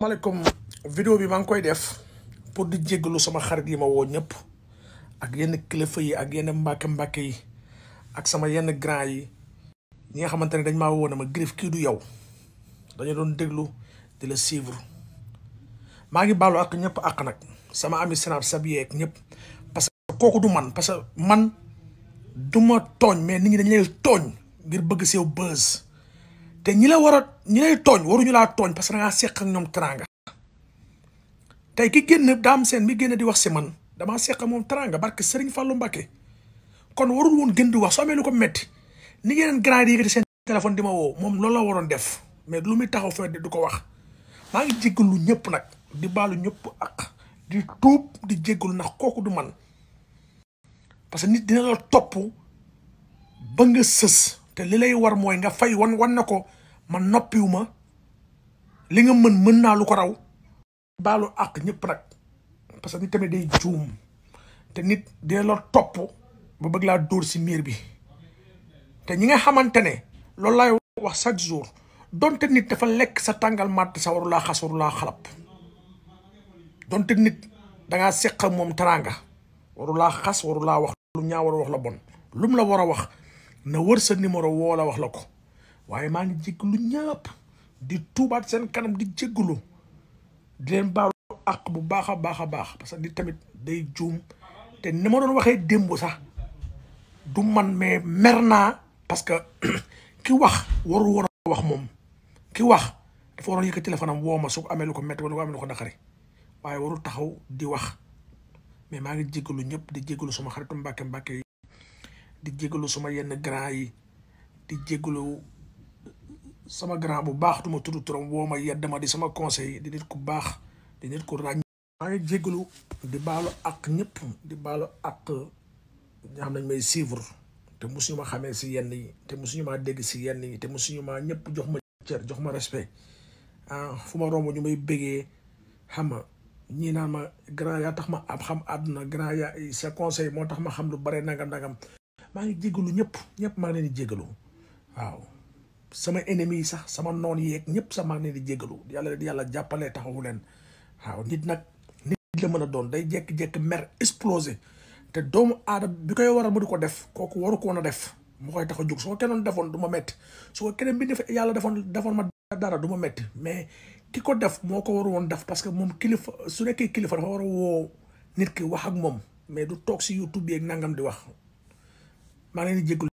maaleykum vidéo bi maa ngi koy def pour di jéggalu sama xarit yi ma woo ñëpp ak yenn kilifa yi ak yenn mbàkke mbàkke yi ak sama yenn grand yi ñi nga xamante ne dañ maa woo ma Griff kii du yow dañu doon déglu di la suivre maa ngi baalu ak ñëpp àq nag sama ami Sénap sab yeeg ñëpp parce que kooku du man parce que man du ma tooñ mais nit ñi dañ leen tooñ ngir bëgg sew base te ñi la war a ñi lay tooñ waruñu laa tooñ parce que seq ak ñoom teraanga tey ki génn daam seen mi génn di wax si man damaa seq moom teraanga barke Serigne Fallou Mbacké kon warul woon gën di wax soo amee lu ko metti ni ngeen grand yi yëkkati seen di ma woo moom loolu la waroon def mais lu muy taxaw fee du ko wax maa ngi lu ñëpp nag di baalu ñëpp ak di tuub di jéggalu ndax kooku du man parce que nit dina la topp ba nga sës. te li lay war mooy nga fay wan wan na ko man noppiwu li nga mën mën naa lu ko raw baalu àq ñépp nag parce que nit tamit day juum te nit dee la topp ba bëgg laa dóor si miir bi te ñi nga xamante ne loolu laay wax chaque jour donte nit dafa lekk sa tàngal màtt sa waru laa xas waru laa xalab donte nit dangaa seq moom teraanga waru laa xas waru laa wax lu ñaaw war a wax la bon lum la war a wax na wër sa numéro woo la wax la ko waaye maa ngi jéggalu ñëpp di tuubaat seen kanam di jéggalu di leen baalu àq bu baax a baax a baax parce que di tamit day juum te ni waxee démb sax du man mais mer naa parce que ki wax warul woon a wax moom ki wax dafa waroon yëkkat téléphone am ma su ko amee lu ko métti wala ko amee lu ko naqari waaye warul taxaw di wax mais maa ngi jéggalu ñëpp di jéggalu suma xaritu mbàkke mbàkke di jégalu suma yenn grand yi di jégalu sama grand bu baax duma tudd turam woo ma yedd ma di sama conseil di nit ku baax di nit ku ràññ maa ngi jégalu di baalu ak ñëpp di baalu ak ña xam nañ may suivre te musuñu ma xamee si yenn yi te musuñu maa dégg si yenn yi te musuñu maa ñëpp jox ma cër jox ma respect ah fu ma romb ñu may bégee xam ma ñii naan ma grand yaa tax ma am xam àdduna grand yaa sa conseil moo tax ma xam lu bare nangam-nangam maa ngi jégalu ñëpp ñëpp maa ngi leen di jégalu waaw sama ennemi yi sax sama noon yeeg ñëpp sax maa ngi leen di jégalu yàlla yàlla jàppale taxawu leen waaw nit nag nit la mën a doon day jékki-jékki mer explosé te doomu aadama bi koy waral mu di ko def kooku waru ko woon a def mu koy tax a jóg su defoon du ma métti su ko bi def yàlla defoon defoon ma dara du ma métti mais ki ko def moo ko waru woon def parce que moom kilifa su nekkee kilifa dafa war a woo nit ki wax ak moom mais du toog si YouTube yeeg nangam di wax maa ngi leen di